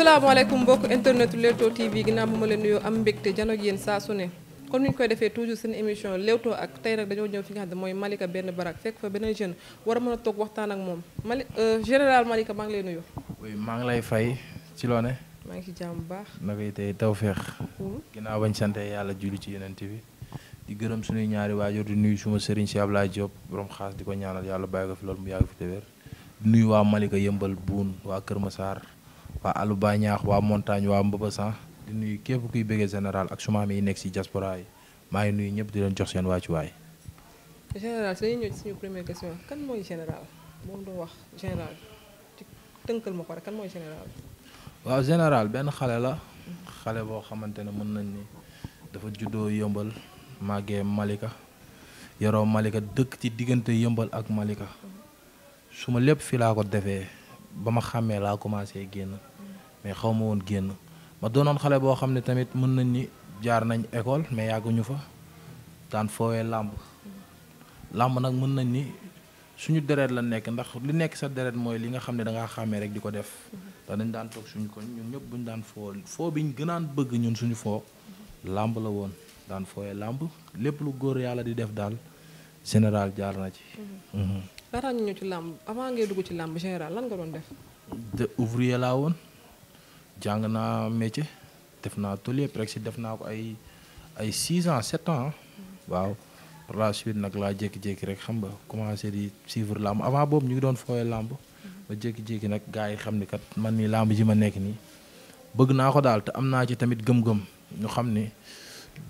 salaamaaleykum mbokk internet Leewtoo TV ginnaaw bu ma leen nuyoo am mbégte jano ak yéen saa su ne kon ni ñu koy defee toujours seen émission Leewtoo ak tey nag dañoo ñëw fi nga xam ne mooy Malika benn barak fekk fa benn jeune war a mën a toog waxtaan ak moom Mali euh, général Malika maa ngi lay nuyu. oui maa ngi lay fay ci loone maa ngi ci jàmm bu baax. na koy tey tawféex. Mm-hmm. ginnaaw bañ sante yàlla julli ci yeneen bi di gërëm suñuy ñaari waajur di nuyu suma sëriñ si Ablaye Diop borom xaas di ko ñaanal yàlla bàyyi ko loolu mu yàgg te wér di waa Malika yëmbal buun waa Kër Massar waa alu ba ñaax waa montagne waa mbëbasan di nuyu képp kuy bëggee général ak suma am yi nekk si diaspora yi maa ngi nuyu ñëpp di leen jox seen wàccuwaay. général su ñëw ci suñu première question kan mooy général moom doo wax général tënkal ma ko kan mooy général. général benn xale la. xale boo xamante ne mën nañ ni dafa juddoo yëmbal màggee Malika yoroo Malika dëkk ci diggante yëmbal ak Malika su ma lépp fi laa ko defee ba ma xàmmee laa commencé génn. mais xaw ma woon génn ma doonoon xale boo xam ne tamit mën nañ ni jaar nañ école mais yàgguñu fa daan foowee làmb làmb nag mën nañ ni suñu deret la nekk ndax li nekk sa deret mooy li nga xam ne da ngaa xàmmee rek di ko def ndax dañ daan toog suñu koñ ñun ñëpp buñu daan foo foo ñu gënaan bëgg ñun suñu foo làmb la woon daan fooyee làmb lépp lu góor yàlla di def daal général jaar na ci. Mm-hmm. Mm-hmm. daataa ñu ñëw ci làmb avant ngay dugg ci làmb général lan nga jàng naa métier def naa tôlier presque def naa ko ay ay 6 ans 7 ans waaw par la suite nag laa jékki-jékki rek xam nga commencé di suivre làmb avant boobu ñu ngi doon fooyee làmb ba jékki gars yi xam ni kat man ni làmb ji ma nekk nii bëgg naa ko daal te am naa ci tamit gëm-gëm ñu xam ni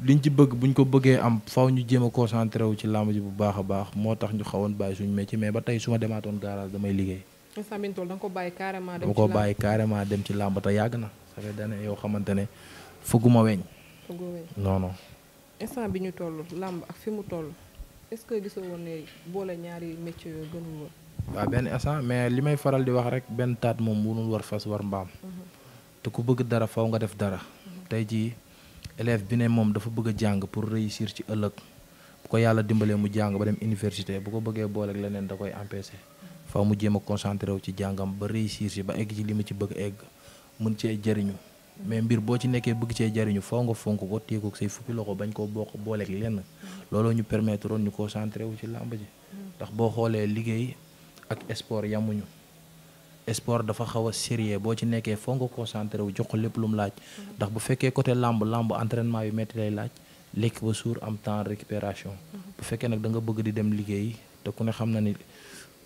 liñ ci bëgg buñ ko bëggee am faw ñu jéem a concentré wu ci làmb ji bu baax a baax moo tax ñu xawoon bàyyi suñu métier mais ba tey su demaatoon garage damay liggéey instant bi ñu toll da nga ko bàyyi carrément. dem ci làmb bàyyi carrément dem ci làmb te yàgg na. ça fait dane yoo xamante ne fëgguma weñ. fëggoo weñ non non. bi ñu toll làmb ak fi mu toll est-ce que gisoo woon ne boole ñaari métier yooyu gënul woon. benn instant mais li may faral di wax rek benn taat moom munul war fas war mbaam. Mhm. te ku bëgg dara faw nga def dara. Mhm. tey jii élève bi ne moom dafa bëgg a jàng pour réussir ci ëllëg bu ko yàlla dimbalee mu jàng ba dem université bu ko bëggee booleeg leneen da koy empêcher. faw mu jéem a concentré wu ci jàngam ba réussir si ba egg ci li mu ci bëgg egg mën cee jariñu mais mbir boo ci nekkee bëgg cee jariñu faw nga fonk ko téye ko say fukki loxo bañ koo bokk booleeg lenn looloo ñu permettre woon ñu concentré wu ci làmb ji ndax boo xoolee liggéey ak sport yamuñu sport dafa xaw a sérieux boo ci nekkee foo nga concentré wu jox ko lépp lu mu laaj ndax bu fekkee côté làmb làmb entraînement yu métti lay laaj lekk ba suur am temps récupération mm-hmm. bu fekkee nag da nga bëgg di dem liggéey te xam na ni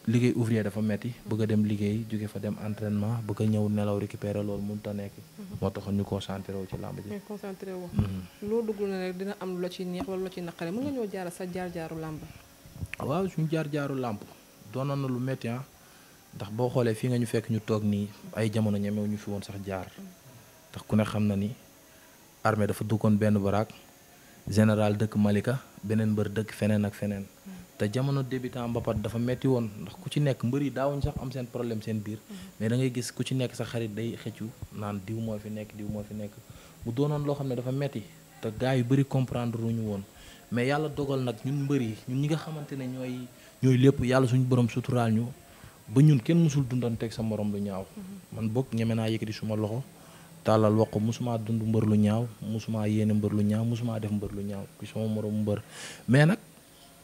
liggéey ouvrier dafa metti bëgg dem liggéey jóge fa dem entraînement bëgg a ñëw nelaw récupérer loolu mun a nekk. Mhm. moo nu ñu concentré wu ci làmb ji. concentré wu. Mhm. loo dugg na rek dina am lu ci neex wala lu la ci naqare mën nga ñëw jaar sa jaar jaaru làmb. waaw suñu jaar jaaru làmb doonoon na lu metti ah. ndax boo xoolee fii nga ñu fekk ñu toog nii ay jamono ñemew ñu fi woon sax jaar mhm. ndax ku ne xam na ni armée dafa duggoon benn baraak général dëkk Malika beneen mbër dëkk feneen ak feneen. te jamono débutant mbapat dafa metti woon ndax ku ci nekk mbër yi daawuñ sax am seen problème seen biir mm-hmm. mais da gis ku ci nekk sa xarit day xëccu naan diw moo fi nekk diw moo fi nekk bu doonoon loo xam ne dafa metti te gars yu bëri comprendre ñu woon mais yàlla dogal nag ñun mbër yi ñun ñi nga xamante ne ñooy ñooy lépp yàlla suñu borom suturaal ñu ba ñun kenn musul dundanteeg sa moroom lu ñaaw mm-hmm. man boog ñeme naa yëkkati suma loxo tàllal wax ko musuma dund mbër lu ñaaw musuma yéene mbër lu ñaaw musuma def mbër lu ñaaw ci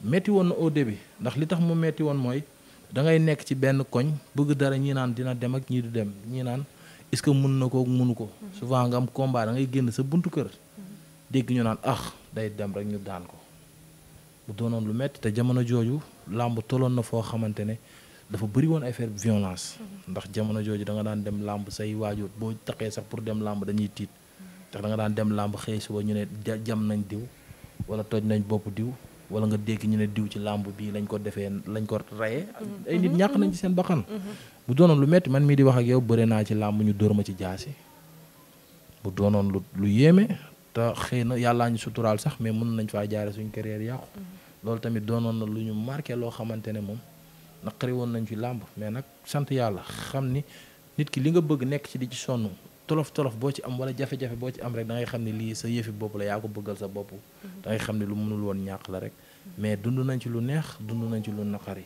metti woon na au bi ndax li tax mu metti woon mooy dangay nekk ci benn koñ bëgg dara ñi naan dina dem ak ñii du dem ñi naan est-ce que mun na ko munu ko. Mhm. souvent nga am combat da ngay génn sa buntu kër. Mhm. dégg ñu naan ah day dem rek ñu daan ko bu doonoon lu metti te jamono jooju làmb toloon na foo xamante ne dafa bëri woon ay affaire violence. Mhm. ndax jamono jooju da nga daan dem làmb say waajur boo taxee sax pour dem làmb dañuy tiit ndax da nga daan dem làmb xëy suba ñu ne jam nañ diw wala toj nañ bopp diw. wala nga dégg ñu ne diw ci làmb bii lañ ko defee lañ ko rayee mhm. ay nit ñàkk nañ ci seen bakkan mhm. bu doonoon lu metti man mii di wax ak yow bëre naa ci làmb ñu dóor ma ci jaasi bu doonoon lu lu yéeme te xëy na yàllaa ñu suturaal sax mais mën nañ faa jaare suñ carrière yàqu mhm. loolu tamit doonoon na lu ñu marqué loo xamante ne moom naqari woon nañ ci làmb mais nag sant yàlla xam ni nit ki li nga bëgg nekk ci di ci sonn tolof tolof boo ci am wala jafe-jafe boo ci am rek da ngay xam ne lii sa yëfi bopp la yaa ko bëggal sa bopp mhm. da ngay xam ne lu mënul woon ñàkk la rek mhm. mais dund nañ ci lu neex dund nañ ci lu naqari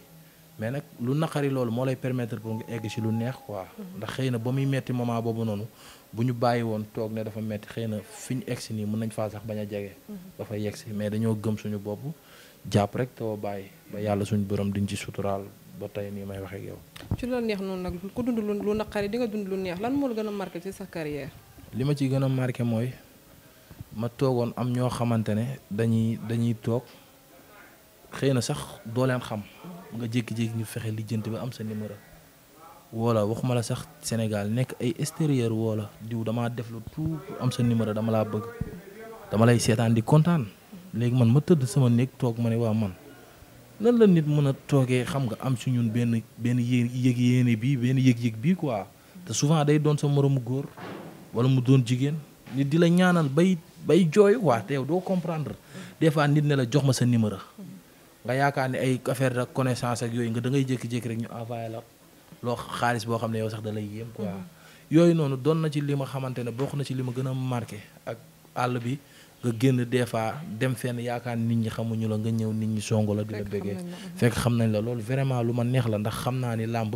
mais nag lu naqari loolu moo lay permettre pour nga egg ci lu neex quoi mhm. ndax xëy na ba muy metti moment boobu noonu bu ñu bàyyi woon toog ne dafa metti xëy na fi ñu egg si nii mën nañ faa sax bañ a jege dafa yegg si mais dañoo gëm suñu bopp jàpp rek te bàyyi ba yàlla suñu borom diñ ci suturaal boo tey nii may waxee yow. ci la neex noonu nag ku dund lu naqari di nga dund lu neex lan mool gën a marqué ci sa carrière. li ma ci gën a marqué mooy ma toogoon am ñoo xamante ne dañuy dañuy toog xëy na sax doo leen xam nga jékki-jékki ñu fexe lijjant bi am sa numéro. woola waxuma la sax Sénégal nekk ay extérieur woola diw damaa def lu tout am sa numéro dama laa bëgg dama lay seetaan di kontaan léegi man ma tëdd sama néeg toog ma ne waa man. nan la nit mën a toogee xam nga am si ñun benn benn yëg yéene bi benn yëg-yëg bi quoi te souvent day doon sa moromu góor wala mu doon jigéen nit di la ñaanal bay bay jooy quoi te yow doo comprendre des fois nit ne la jox ma sa numéro nga yaakaar ne ay affaire ak connaissance ak yooyu nga da ngay jékki-jékki rek ñu envoyé la loo xaalis boo xam ne yow sax da lay yéem quoi mm-hmm. yooyu noonu doon na ci li ma xamante ne bokk na ci li ma gën a marqué ak àll bi nga génn des fois dem fenn yaakaar nit ñi xamuñu la nga ñëw nit ñi songu la di la bëggee mm-hmm. fekk xam nañ la loolu vraiment lu ma neex la ndax xam naa ni làmb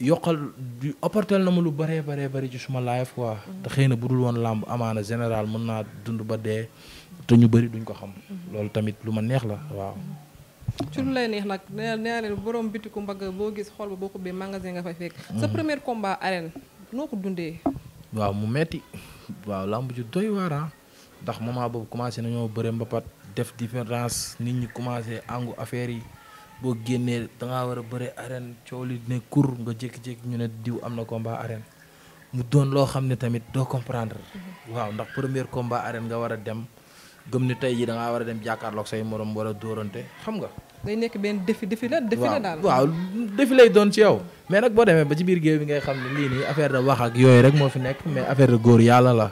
yokkal du apportel na ma lu bëree baree bëri ci suma life quoi mm-hmm. te xëy na bu dul woon làmb amaana général mën naa dund ba dee te ñu bari duñ ko xam mm-hmm. loolu tamit lu ma neex la waaw ci lu lay neex nag nee naa leen borom bitiku mbagg boo gis xool ba boo xubbee magasin nga fay fekk sa premier combat ko dundee waaw mu metti waaw lamb ju doy waar ah. ndax moment boobu commencé nañoo bëre mbapat def différence nit ñi commencé àngu affaire yi boo génnee da ngaa war a bëre arène coow li ne kur nga jékki-jékki ñu ne diw am na combat arène mu doon loo xam ne tamit doo comprendre. Mm-hmm. waaw ndax premier combat arène nga war a dem gëm ne tey ji da ngaa war a dem jàkkaarloog say moroom war a dóorante xam nga. day nekk benn défi défi la défi la daal waaw défi lay doon ci yow mais nag boo demee ba ci biir géew bi ngay xam ne lii nii affaire de wax ak yooyu rek moo fi nekk mais affaire de góor yàlla la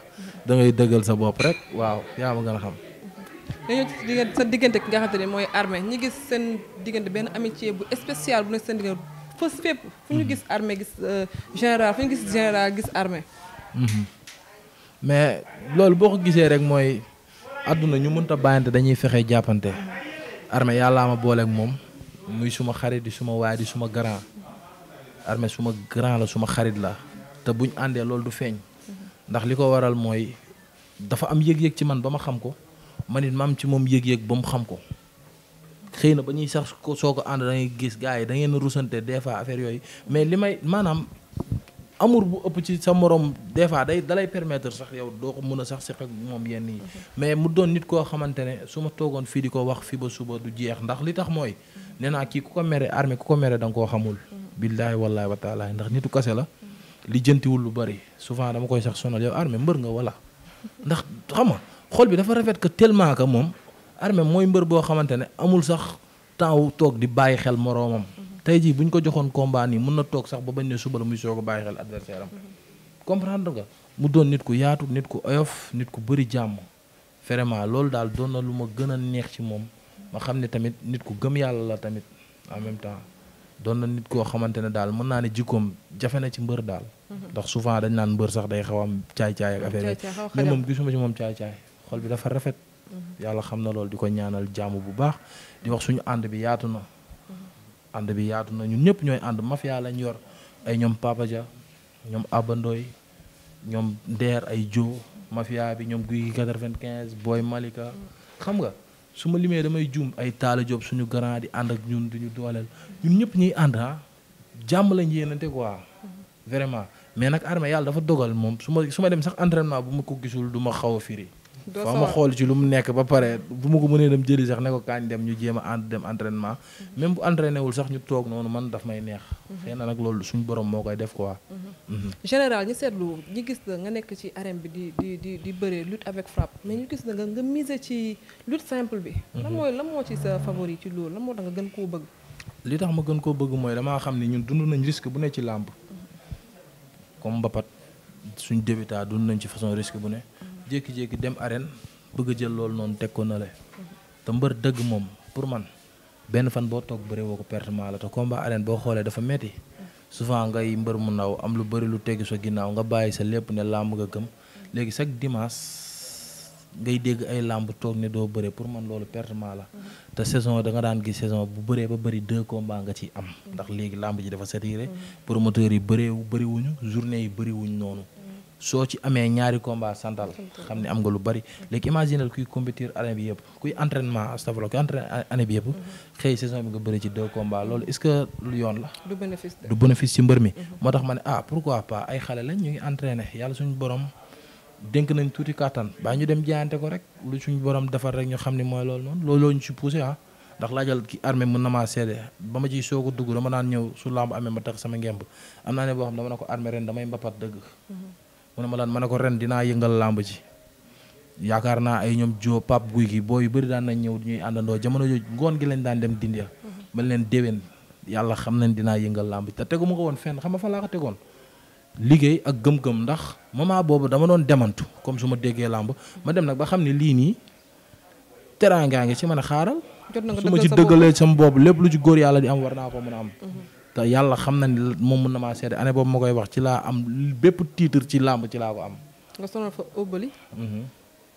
da ngay dëggal sa bopp rek waaw yaa ma gën a xam dañoo sa diggante ki nga xam ne mooy armée ñi gis seen diggante benn amitié bu spécial bu nekk seen diggante fës fépp fu ñu gis armee gis euh, général fu ñu gis général gis armée mhm. mais loolu boo ko gisee rek mooy àdduna ñu mënta bàyyante dañuy fexe jàppante armé yàllaa ma booleeg moom muy suma xarit yi suma waay di suma grand armé suma grand la suma xarit la te buñ àndee loolu du feeñ ndax li ko waral mooy dafa am yëg-yëg ci man ba ma xam ko man it ma am ci moom yëg-yëg ba mu xam ko xëy na ba ñuy sax soo ko ànd da ngay gis gars yi da ngeen rusante des fois affaire yooyu mais li may maanaam amour bu ëpp ci sa morom des fois day dalay permettre sax yow doo ko mën a sax seq ak moom yenn yi mais mu doon nit koo xamante ne su ma toogoon fii di ko wax fi ba suba du jeex ndax li tax mooy nee naa kii ku ko mere armée ku ko mere da koo xamul billaay wallaay wa taalaay ndax nitu kase la li jëntiwul lu bëri souvent dama koy sax sonal yow armée mbër nga wala ndax xam nga xol bi dafa rafet que tellement que moom armée mooy mbër boo xamante ne amul sax temps wu toog di bàyyi xel moroomam tey jii buñ ko joxoon combat nii mun na toog sax ba bañ ne suba la muy soog a bàyyi xel adversaire am comprendre nga mu doon nit ku yaatu nit ku oyof nit ku bëri jàmm vraiment loolu daal doon na lu ma gën a neex ci moom ma xam ne tamit nit ku gëm yàlla la tamit en même temps doon na nit koo xamante ne daal mën naa ne jikkoom jafe na ci mbër daal. Mhm. ndax souvent dañ naan mbër sax day xaw am caay-caay ak affaire yi mais moom gisuma ci moom caay-caay xol bi dafa rafet. Mhm. yàlla xam na loolu di ko ñaanal jàmm bu baax di wax suñu ànd bi yaatu na ànd bi yaatu na ñun ñëpp ñooy ànd mafia lañ yor ay ñoom Papa ñoom Abandoy ñoom Nder ay Jo mafia bi ñoom guy 95 Boy Malika xam nga su ma limee damay juum ay Talla Diop suñu grand di ànd ak ñun duñu dooleel ñun ñëpp ñuy ànd ah jàmm lañ yéenante quoi vraiment mais nag armée yàlla dafa dogal moom su ma su ma dem sax entraînement bu ma ko gisul duma ma xaw a firi. foo ma xool ci lu mu nekk ba pare bu ma ko mënee dem jëli sax ne ko kaañ dem ñu jéem a dem entraînement mhm. même bu entraîné wul sax ñu toog noonu man daf may neex mhm. xëy nag loolu suñu borom moo koy def ko quoi mhm. général ñu seetlu ñu gis la nga nekk ci arène bi di di di di bëree lutte avec frappe mais ñu gis la nga nga miser ci lutte simple bi lan mooy lan moo ci sa favori ci loolu lan moo nga gën koo bëgg li tax ma gën koo bëgg mooy damaa xam ne ñun dund nañ risque bu ne ci làmb comme mbapat suñ débutat dund nañ ci façon risque bu ne jékki-jékki dem arène bëgg a jël loolu noonu teg ko nale te mbër dëgg moom pour man benn fan boo toog bëree woo ko pertement la te combat arène boo xoolee dafa metti souvent ngay mbër mu ndaw am lu bëri lu teggi sa ginnaaw nga bàyyi sa lépp ne làmb nga gëm léegi chaque dimanche ngay dégg ay làmb toog ne doo bëre pour man loolu pertement la te saison danga daan gis saison bu bëree ba bëri deux combats nga ci am ndax léegi làmb ji dafa saturé mm-hmm. promoteurs yi bëree bëriwuñu journée yi bëriwuñ noonu soo ci amee ñaari combat santal xam ne am nga lu bari léegi imaginal kuy compétir année bi yëpp kuy entraînement astafurlah kuy entraîné euh, année bi yëpp xëy saison bi nga bëri ci deux combats loolu est lu yoon la du bénéfice ci mbër mi mhm. moo tax ma ne ah pourquoi pas ay xale lañ ñu ngi entraîné yàlla suñu borom nañ tuuti kàttan baa ñu dem jaayante ko rek lu suñu borom defar rek ñu xam ne mooy loolu noonu loolu ñu ci poussé ah ndax laajal ki armée mën na maa seede ba ma ciy soog a dugg dama naan ñëw su lamb amee ma tax sama ngemb am naa ne boo xam dama ne ko mu ne ma lan ma ne ko ren dinaa yëngal làmb ji yaakaar naa ay ñoom joo pap guy gi boo yu bëri daan nañ ñëw ñuy àndandoo jamono jooju ngoon gi lañ daan dem dindi man leen déwén yàlla xam nañ dinaa yëngal làmb ji te tegu ma ko woon fenn xam nga fa laa tegoon liggéey ak gëm-gëm ndax moment boobu dama doon demantu comme su ma déggee làmb ma dem nag ba xam ne lii nii teraangaa ngi ci mën a xaaral su ma ci dëggalee sama boobu lépp lu ci góor yàlla di am war naa ko mën a am mhm. te yàlla xam na ni moom mën na maa seede année boobu ma koy wax ci laa am bépp titre ci làmb ci laa ko am. nga sonal fa ëbbali. Mhm.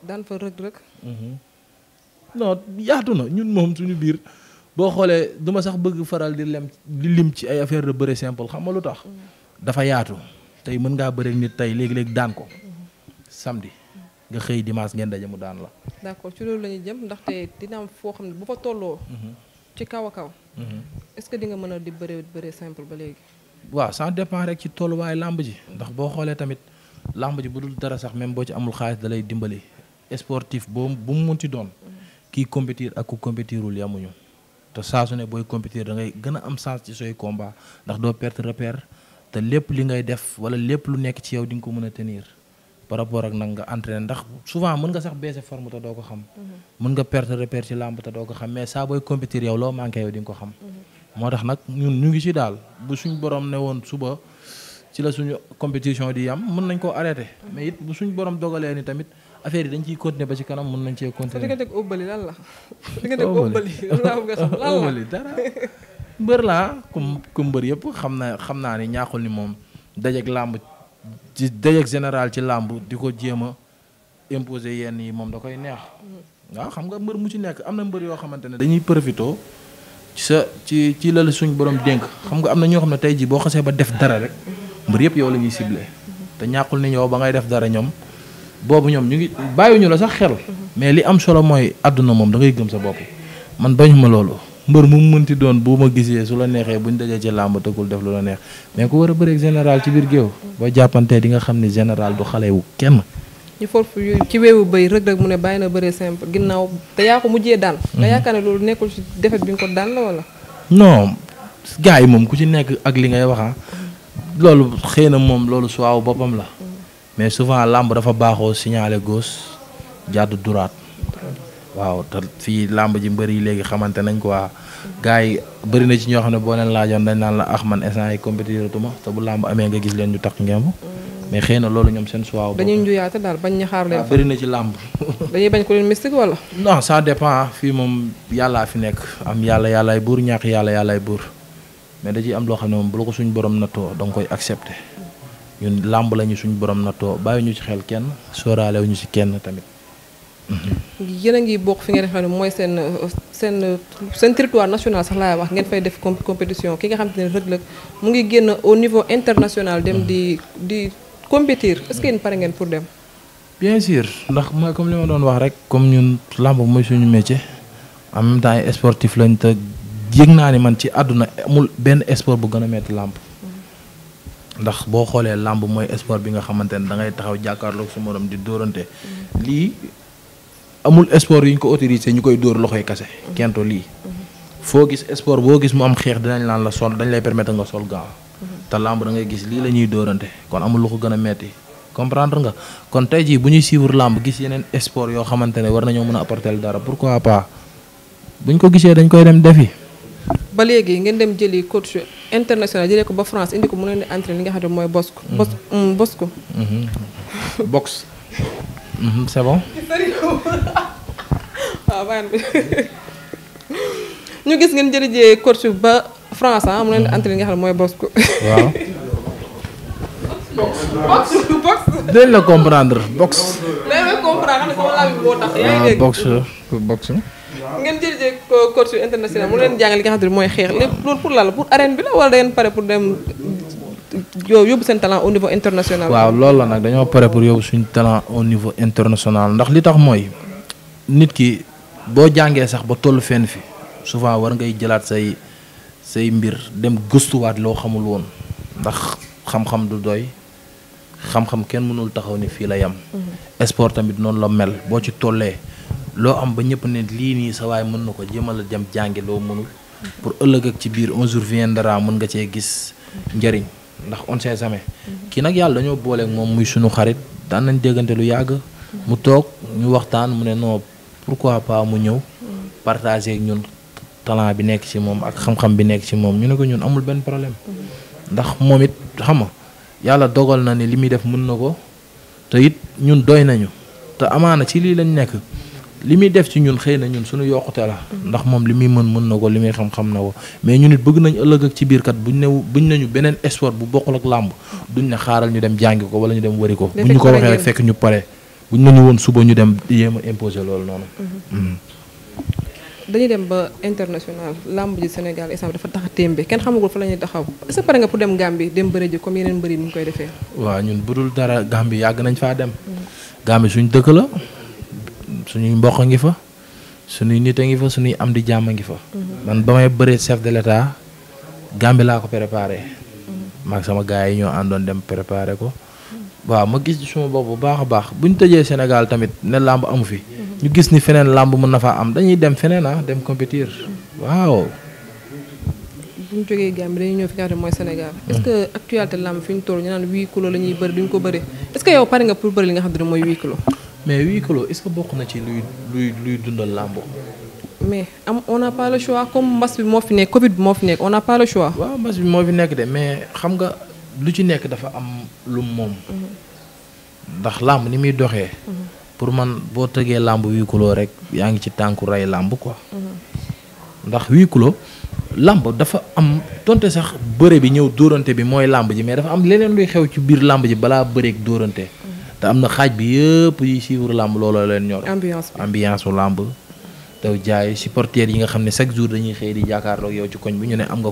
daan fa rëg rëg. Mhm. non yaatu na ñun moom suñu biir boo xoolee du sax bëgg faral di lem di lim ci ay affaire de bëre simple xam nga lu tax. Mhm. dafa yaatu tey mën ngaa bëreeg nit tey léegi-léegi daan ko samedi nga xëy dimanche ngeen daje mu daan la. d'accord ci loolu la jëm ndaxte dina foo xam ne bu fa tolloo. ci kaw a kaw. Mhm. est-ce que di nga mën a di bëree bëree simple ba léegi. waaw ça dépend rek ci tolluwaayu làmb ji ndax boo xoolee tamit làmb ji bu dul dara sax même boo ci amul xaalis da lay dimbali sportif boo bu mu munti doon kii compétir ak ku compétirul yamuñu te saa ne booy compétir da ngay gën a am sens ci sooy combat ndax doo perte repère te lépp li ngay def wala lépp lu nekk ci yow di nga ko mën a tenir. par rapport ak nag nga entraîné ndax souvent mën nga sax baisse forme te doo ko xam. Mhm. mën nga perte repère ci làmb te doo ko xam mais saa booy compétir yow loo manqué yow di ko xam. Mhm. moo tax nag ñun ñu ngi ci daal bu suñ borom ne woon suba ci la suñu compétition di yam mën nañ koo arrêté. Mhm. mais it bu suñ borom dogalee ni tamit affaire yi dañ ciy continuer ba ci kanam mun nañ cee continuer. diggante ak Obeuli lan la. diggante la mbër laa comme comme mbër yëpp xam na xam naa ni ñaaxul ni moom ci dayeg général ci làmb di ko jéem a imposer yenn yi moom da koy neex mm-hmm. waaw xam nga mbër mu ci nekk am na mbër yoo xamante ne dañuy profito ci sa ci ci la suñ borom dénk xam nga am na ñoo xam ne tey jii boo xasee ba def dara rek mbër yëpp yow la ñuy ciblé mm-hmm. te ñàkkul ni yow ba ngay def dara ñoom boobu ñoom ñu ngi bàyyiwuñu la sax xel mm-hmm. mais li am solo mooy àdduna moom da ngay gëm sa bopp man bañu ma loolu mbër mu mënti doon bu ma gisee su la neexee buñ dajee ci làmb tëkkul def lu la neex mais ku war a bëreeg général ci biir géew boo jàppantee di nga xam ni général du xale wu kenn. ñu foofu ci weewu béy rek rek mu ne bàyyi na bëre simple ginnaaw te yaa ko mujjee daan. Mhm. nga yaakaar ne loolu nekkul ci defet bi nga ko daan la wala. noo gars yi moom ku ci nekk ak li ngay wax ah, loolu xëy na moom loolu suwaaw boppam la. Mhm. mais souvent làmb dafa baaxoo signalé gauche jàdd duraat. waaw te fii làmb ji mbër yi léegi xamante nañ quoi gars yi bëri na ci ñoo xam ne boo leen laajoon dañ naan la ax ah, man instant yi compétiratuma te bu làmb amee nga gis leen ñu tax ngemb mais xëy na loolu ñoom seen suwaaw dañuy njuyaate daal bañ ñu xaar leen bëri na ci làmb dañuy bañ ko leen mystique wala non ça dépend fii moom yàllaa fi nekk am yàlla yàllaay buur ñaax yàlla yàllaay buur mais da ciy am loo xam ne moom bu la ko suñ borom nattoo da nga koy accepté ñun làmb lañu suñ borom too bàyyi ñu ci xel kenn sóoraale ñu ci kenn tamit mhm. yéen a ngi bokk fi ngeen xam ne mooy seen seen seen territoire national sax laay wax ngeen fay def compétition ki nga xam te ne Reug Reug mu ngi génn au niveau international dem hmm. di di compétir est-ce que pare ngeen pour dem. bien sûr ndax mooy comme li ma doon wax rek comme ñun làmb mooy suñu métier en même temps sportif lañ te yëg naa ni man ci àdduna amul benn sport bu gën a metti làmb. ndax boo xoolee làmb mooy sport bi nga xamante ne da ngay taxaw jàkkaarloog su morom di dóorante hmm. amul sport yu ñu ko autorisé ñu koy dóor loxoy kase. kento lii. foo gis sport boo gis mu am xeex dinañ laan la sol dañ lay permettre nga sol gaaw. te lamb da ngay gis lii la ñuy dóorante kon amul lu ko gën a metti comprendre nga kon tey jii bu ñuy suivre làmb gis yeneen sport yoo xamante ne war nañoo mën a apporter dara pour pourquoi pas ñu ko gisee dañ koy dem def defi. ba léegi ngeen dem jëli coach international jëlee ko ba France indi ko mu leen di entraîné li nga xam ne mooy Bosco. Bos mm-hmm. mm, Bosco. Mm-hmm. Box. Mhm, c' est bon. waaw ah, ñu gis ngeen jërëjee coach ba France ah, mu leen di mhm. entraîné nga xam ne mooy Bosco. waaw. box box. dinañ la comprendre box. dinañ la comprendre bi moo tax. yaa ngi ah, dégg box box. ngeen jërëjee coach international mu leen jàngal nga xam ne mooy xeex lépp loolu pour lan la pour arène bi la wala da ngeen pare pour dem. yóbbu seen talent au niveau international. waaw loolu la nag dañoo pare pour yóbbu suñu talent au niveau international ndax li tax mooy nit ki boo jàngee sax ba toll fenn fi souvent war ngay jëlaat say say mbir dem gëstuwaat loo xamul woon ndax xam-xam du doy xam-xam kenn mënul taxaw ni fii la yam mm-hmm. sport tamit noonu la mel boo ci tollee loo am ba ñëpp ne lii nii sa mën na ko jéemal a dem jàngi loo mënul mm-hmm. pour ëllëg ak ci biir un jour viendra mën nga cee gis mm-hmm. njëriñ ndax on sait jamais. kii nag yàlla dañoo booleeg moom muy suñu xarit daan nañ déggante lu yàgg. mu toog ñu waxtaan mu ne non pourquoi pas mu ñëw. partager ak ñun talent bi nekk ci moom ak xam-xam bi nekk ci moom ñu ne ko ñun amul benn problème. ndax moom it xam nga yàlla dogal na ni li muy def mun na ko te it ñun doy nañu te amaana ci lii lañ nekk. li muy def ci ñun xëy na ñun suñu yokkute la ndax moom li muy mën mën na ko li muy xam-xam na ko mais ñun it bëgg nañ ëllëg ak ci biir kat bu ne buñ nañu beneen sport bu bokkul ak làmb duñ ne xaaral ñu dem jàngi ko wala ñu dem wari ko bu ko waxee rek fekk ñu pare buñ nañu woon suba ñu dem yéem a imposer loolu mm-hmm. Mm-hmm. dañuy dem ba international làmb ji Sénégal instant dafa tax a témbe kenn xamagul fa la ñuy taxaw est-ce que pare nga pour dem Gambie dem bëri ji comme yeneen bëri ni ñu koy defee waaw ñun budul dara Gambie yàgg nañ faa dem mm-hmm. Gambie suñ dëkk la ñuy mboq a ngi fa suñuy nit a ngi fa suñuy am di jàmm a ngi fa. Mhm. man ba may bëree chef de l'état Gambie laa ko préparé. Mhm. maag sama gars yi ñoo àndoon dem préparé ko. Mhm. waaw ma gis ci suma bopp bu baax a baax bu ñu tëjee Sénégal tamit ne làmb amu fi. ñu gis ni feneen làmb mën na fa am dañuy dem feneen ah dem compétir waaw. bu ñu jógee Gambie dañuy ñëw fi nga xam ne mooy Sénégal. est-ce que làmb fi ñu toll ñu naan huit kilos la ñuy duñ ko bëri est yow mais huis clos est-ce que bokk na ci luy luy luy dundal làmb. mais am on n'a pas comme mbas bi moo fi nekk Covid bi moo fi nekk on n'a pas le choix. waaw mbas bi moo fi nekk de mais xam nga lu ci nekk dafa am lu moom. Mhm. ndax làmb ni muy doxee. Mhm. man boo tëgee làmb huis clos rek yaa ngi ci tànku rey làmb quoi. Mhm. ndax huis clos làmb dafa am donte sax bëre bi ñëw dóorante bi mooy làmb ji mais dafa am leneen luy xew ci biir làmb ji balaa bëreeg dóorante. te am na xaaj bi yëpp yi suivre làmb looloo leen ñor. ambiance bi ambiance su làmb. daw jaay supporters yi nga xam ne chaque jour dañuy xëy di jàkkaarloog yow ci koñ bi mhm.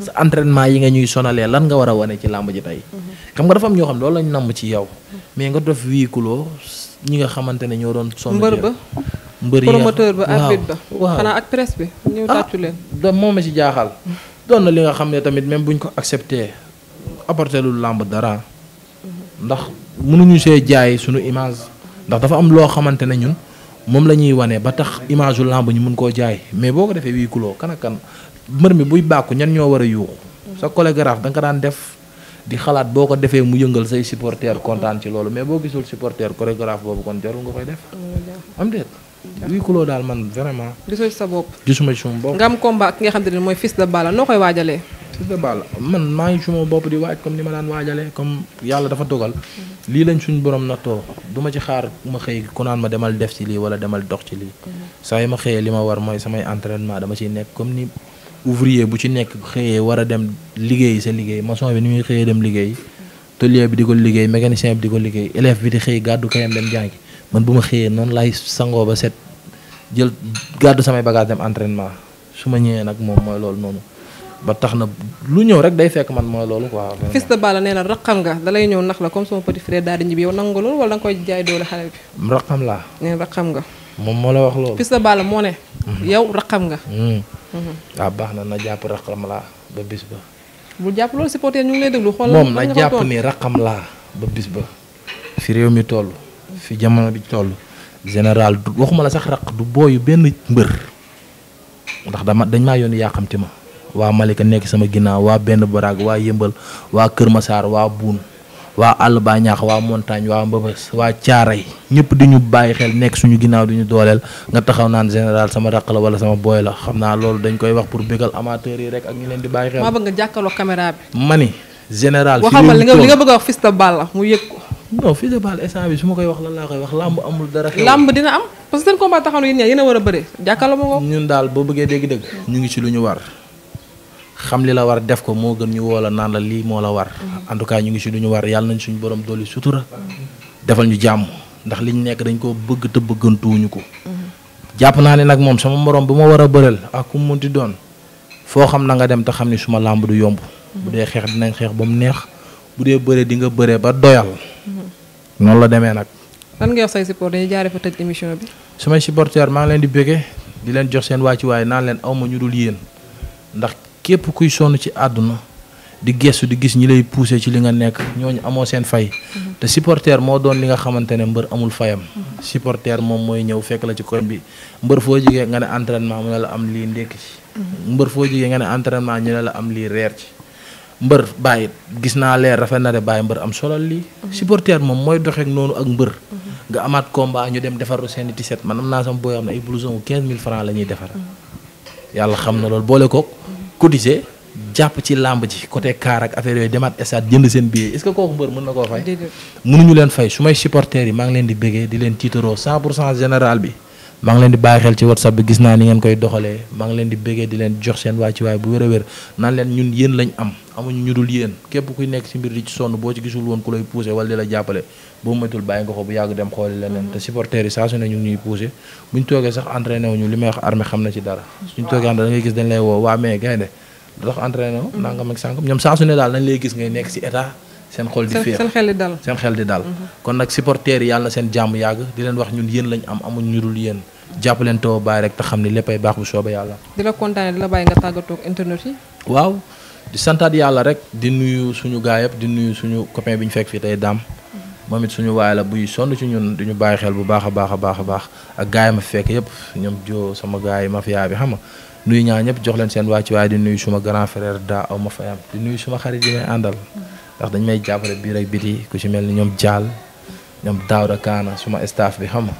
sa entraînement yi nga ñuy sonalee lan nga war a wane ci làmb ji tey. Mhm. xam nga dafa am ñoo xam loolu lañ namm ci yow. Mhm. mais nga def wiikuloo ñi nga xamante ñoo doon. sonn mbër ba mbër yi promoteur ba ba. waaw xanaa ah, moom ma ci jaaxal. doon li nga xam ne tamit même buñ ko accepté lu làmb dara ndax mënuñu see jaay suñu image ndax dafa am loo xamante ne ñun moom la ñuy wane ba tax image u làmb ñu mun koo jaay mais boo ko defee wii kuloo kan ak mbër mi buy bàkku ñan ñoo war a yuuxu sa chorégraphe da nga daan def di xalaat boo ko defee mu yëngal say supporters kontaan ci loolu mais boo gisul supporter chorégraphe boobu kon jarul nga koy def am déet wii kuloo daal man vraiment gisoo ci sa bopp gisuma ci suma bopp nga am ki nga xam te ne mooy fils de Balla noo koy waajalee fils de Balla man maa ngi suma bopp di waaj comme ni ma daan waajalee comme yàlla dafa dogal. Mhm. lii lañ suñ borom nattoo du duma ci xaar ma xëy ku naan ma demal def ci lii wala demal dox ci lii. Mhm. saa yi ma xëyee li ma war mooy samay entrainement dama ciy nekk comme ni ouvrier bu ci nekk xëyee war a dem liggéey sa liggéey maçon bi ni muy xëyee dem liggéey. tôlier bi di ko liggéey mécanicien bi di ko liggéey élève bi di xëy gàddu kayam dem jàngi man bu ma xëyee noonu laay sangoo ba set jël gàddu samay bagage dem entraînement su ma ñëwee nag moom mooy loolu noonu. ba tax na lu ñëw rek day fekk man mooy loolu quoi. Fils de Balla nee na raqam nga dalay ñëw nax la comme sama petit frère daal di ñibbi yow nangu loolu wala da koy jaay doole xale bi. raqam laa. nee na raqam nga. moom moo la wax loolu. Fils de Balla moo ne. Mhm. yow raqam nga. waaw mhm. mhm. ah, baax na na jàpp raqam laa ba ba. bu jàpp loolu supporter ñu lay déglu. xool moom na jàpp ni raqam laa ba bis ba. fi réew mi toll. fi jamono bi toll. général waxuma la sax raq du booyu benn mbër. ndax dama dañ maa yónni yaa ma. waa Malika nekk sama ginnaaw waa benn baraag waa yëmbal waa Kër Masaar waa buun waa àll ba ñaax waa montagne waa mbëbës waa caara yi ñëpp di ñu bàyyi xel nekk suñu ginnaaw di ñu dooleel nga taxaw naan général sama raq la wala sama booy la xam naa loolu dañ koy wax pour bégal amateurs yi rek ak ñu leen di bàyyi xel. maa bëgg nga jàkkaarloo caméra bi. ma ni général. fi li nga li wax Fils de Balla la mu yëg ko. non Fils de Balla su ma koy wax la laa koy wax làmb amul dara. xew làmb dina am parce que seen combat taxaw na war bëri jàkkaarloo ma ko. ñun daal boo bëggee dégg-dégg. ñu ngi ci lu ñu xam li la war def ko moo gën ñu woo la naan la lii moo la war. Mhm. en tout cas ñu ngi si lu ñu war yàlla nañ suñu borom dooli sutura. defal ñu jàmm ndax liñ nekk dañ koo bëgg te bëggantuwuñu ko. Mhm. jàpp naa ne nag moom sama moroom bu ma war a bëreel ak ku mu munti doon foo xam na nga dem te xam ni suma làmb du yomb. Mhm. bu dee xeex dinañ xeex ba mu neex bu dee bëree di nga bëree ba doyal. noonu la demee nag. lan nga wax say support dañuy jaaree fa tëj émission bi. samay supporteurs maa ngi leen di bëggee di leen jox seen wàccuwaay naan leen aw ma ñu dul képp kuy sonn ci àdduna di gestu di gis ñi lay poussé ci li nga nekk ñooñu amoo seen fay. Mm-hmm. te supporter moo doon li nga xamante ne mbër amul fayam. Mm-hmm. supporter moom mooy ñëw fekk la ci koñ bi mbër foo jigee nga ne entraînement mu ne la am lii ndekki ci. Mm-hmm. mbër foo nga ne entraînement ñu ne la am lii reer mbër bàyyi gis naa leer rafet na de bàyyi mbër am solo lii. supporter moom mooy doxeek noonu ak mbër. nga amaat combat ñu dem defaru seen i tiset man am naa sama booy am na ay blouson wu 15000 francs la ñuy defar. yàlla xam na loolu boole ko. cotiser jàpp ci làmb ji côté kaar ak affaire yooyu demaat stade jënd seen billet est-ce que kooku mbër mën na koo fay. mënuñu leen fay su may supporters yi maa ngi leen di bëggee di leen tiitaroo 100 pour cent général bi. maa ngi leen di bàyyi xel ci whatsapp bi gis naa ni ngeen koy doxalee maa ngi leen di béggee di leen jox seen waay ci waay bu wér a wér naan leen ñun yéen lañ am amuñu ñu yéen képp kuy nekk si mbir di ci sonn boo ci gisul woon ku lay poussé wala di la jàppale boo matul bàyyi nga ko bu yàgg dem xooli leneen mm-hmm. te supporters yi na ci dara suñ toogee entraîné da ngay gis dañ lay woo waa mais gaynde ndax entraîné wu mm-hmm. ñoom saa su ne daal dañ lay gis ngay nekk si état seen xol di féex seen xel di dal mm-hmm. kon nag supporters yi yàlla na seen yàgg di leen wax ñun yéen lañ am amuñ ñu dul yéen jàpp leen taw bàyyi rek te xam ni léppay baax bu soobee yàlla. di la kontaanee di la bàyyi nga tàggatoo ak internet yi. waaw di santaat yàlla rek di nuyu suñu gaay yëpp di nuyu suñu copain bi ñu fekk fii tey daam mm-hmm. moom it suñu waay buy sonn ci ñun duñu bàyyi xel bu baax a baax a baax a baax ak gaay ma fekk yëpp ñoom joo sama gaay yi mafia bi xam nga nuyu ñaa ñëpp jox leen seen wàcc waaye di nuyu suma grand frère daa aw ma fayam di nuyu suma xarit yi may àndal mm-hmm. ndax dañ may jàppale biir ak biti ku ci mel ni ñoom jaal ñoom daawda kaana suma staff bi xam nga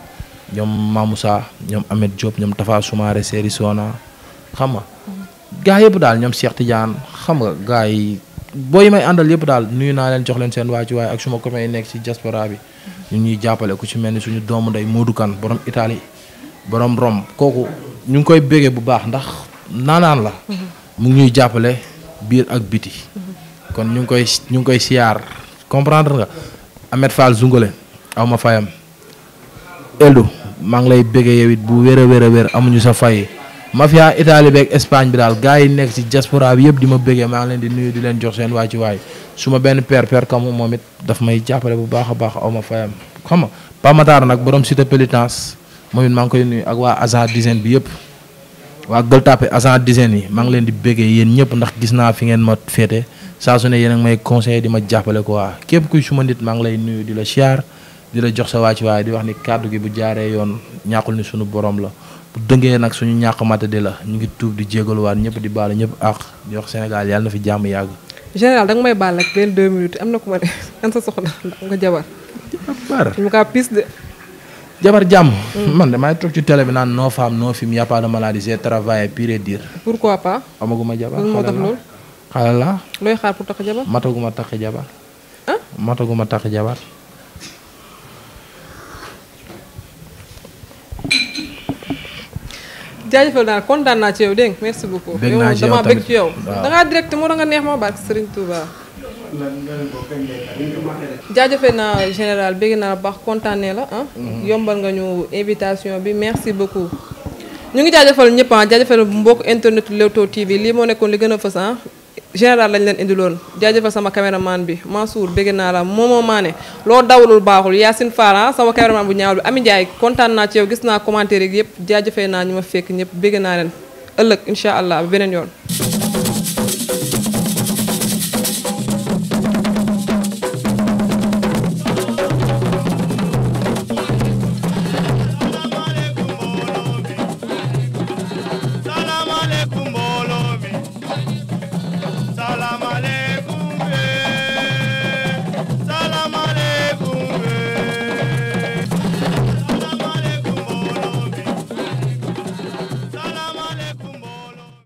ñoom Mamoussa ñoom Ahmed Diop ñoom Tafa Soumaré Seri Sona xam nga. gaa yëpp daal ñoom seex Tidiane xam nga gaa yi booy may àndal yëpp daal nuyu naa leen jox leen seen waa ci waaye ak suma copain yi nekk ci diaspora bi. ñu ñuy jàppale ku ci mel ni suñu doomu ndey Modou Kane borom Italie borom Rome kooku ñu ngi koy béggee bu baax ndax naanaan la. mu ngi ñuy jàppale biir ak biti. kon ñu ngi koy ñu ngi koy siyaar comprendre nga Ahmed Fall Zoungale aw ma fayam. Eldu maa ngi lay bëggee yow it bu wér a wér a wér amuñu sa fay mafia Italie beeg Espagne bi daal gars yi nekk ci diaspora bi yëpp di ma bëggee maa ngi leen di nuyu di leen jox seen waay ci waay su ma benn père père kamu moom it daf may jàppale bu baax a baax aw ma fayam xam nga Pamataar nag borom si pénitence moom it maa koy nuyu ak waa agent dizaine bi yëpp waa Gëltape agent dizaine yi maa ngi leen di bëggee yéen ñëpp ndax gis naa fi ngeen ma féete saa su yéen a ngi may ma jàppale quoi képp kuy suma nit maa ngi lay nuyu di la siyaar di la jox sa waa waaye di wax ni kàddu gi bu jaaree yoon ñàkkul ni suñu boroom la bu dëngee nag suñu ñàq ñàkk matadi la ñu ngi tuub di jégaluwaat ñëpp di baal ñëpp àq di wax Sénégal yàlla na fi jàmm yàgg. général da may baal ak benn deux minutes am na ko ma ne an sa soxna nga jabar. jabar mu jabar jàmm. Hmm. man damay toog ci bi naan no femme no film y a pas de maladie j'ai travaillé pire et dire. pourquoi amaguma jabar xale la looy xaar mataguma takk jabar. mataguma takk jabar. jaajëfal naa kontaan naa ci yow dégg merci beaucoup. ci yow tamit ci yow. da ngaa direct moo da nga neex ma barke Serigne général bégg naa baax kontaanee la ah. Mhm. yombal nga ñu invitation bi merci beaucoup. ñu ngi jaajëfal ñëpp ah jaajëfal mbokk internet Leewtoo TV lii moo nekkoon li gën a fës ah. général lañ leen indiloon jaajëfal sama caméraman bi Mansour bëgg naa la moomoo maane loo dawlul baaxul Yacine Fara sama caméraman bu ñaawul bi Ami Ndiaye kontaan naa ci yow gis naa commentaire yi yëpp jaajëfee naa ñu ma fekk ñëpp bëgg naa leen ëllëg incha allah beneen yoon.